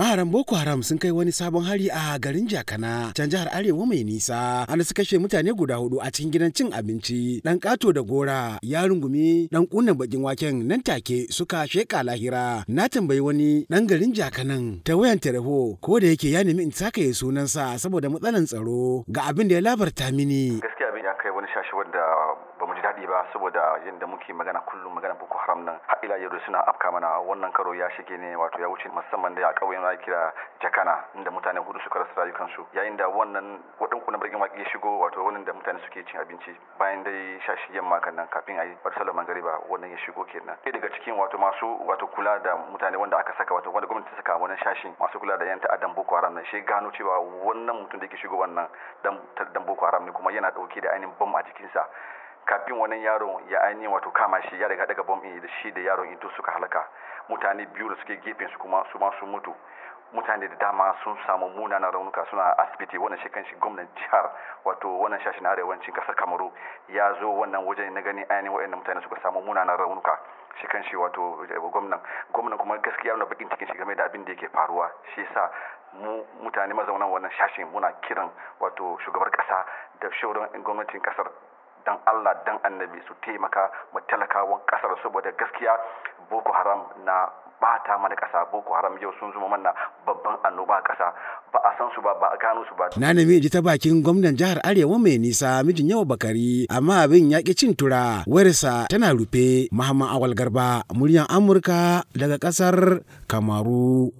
maharan boko haram sun kai wani sabon hari a garin jakana can jihar arewa mai nisa an su kashe mutane guda hudu a cikin gidan cin abinci dan kato da gora ya rungumi dan kunan bakin waken nan take suka sheka lahira na tambayi wani dan garin jakanan ta wayan tarho ko da yake ya nemi in saka ya sunansa saboda matsalan tsaro ga abin da ya labarta mini gaskiya abin ya kai wani shashi wanda mu daɗi ba saboda yadda muke magana kullum magana Boko Haram nan har ila yau suna afka mana wannan karo ya shige ne wato ya wuce musamman da ya ƙauyen da kira Jakana inda mutane hudu suka rasa rayukansu yayin da wannan wadan kuna birgin waƙi ya shigo wato wannan da mutane suke cin abinci bayan dai shashi yamma kan nan kafin a yi sallar magariba wannan ya shigo kenan sai daga cikin wato masu wato kula da mutane wanda aka saka wato wanda gwamnati ta saka wannan shashin masu kula da yan ta'addan Boko Haram nan shi gano cewa wannan mutum da yake shigo wannan dan Boko Haram ne kuma yana dauke da ainihin bam a jikinsa kafin wannan yaron ya aini wato kama shi ya riga daga bom da shi da yaron into suka halaka mutane biyu da suke gefen su kuma su ma sun mutu mutane da dama sun samu munanan raunuka suna asibiti wannan shi kanshi gwamnan jihar wato wannan shashin arewacin kasar kamaru ya zo wannan wajen na gani ainihin waɗannan mutane suka samu munanan raunuka shi kanshi wato eh, gwamnan gwamnan kuma gaskiya na bakin cikin shi game da abin da yake faruwa shi yasa mu mutane mazaunan wannan shashin muna kiran wato shugabar kasa da shawarar gwamnatin kasar Allah dan annabi su taimaka mu talakawan kasar saboda gaskiya Boko Haram na bata mana kasa Boko Haram yau sun zuma mana babban annoba kasa ba a san su ba ba a gano su ba na nemi ta bakin gwamnan jihar Arewa mai nisa mijin yawa Bakari amma abin ya ki cin tura wayarsa tana rufe Muhammad Awal Garba muryan Amurka daga kasar Kamaru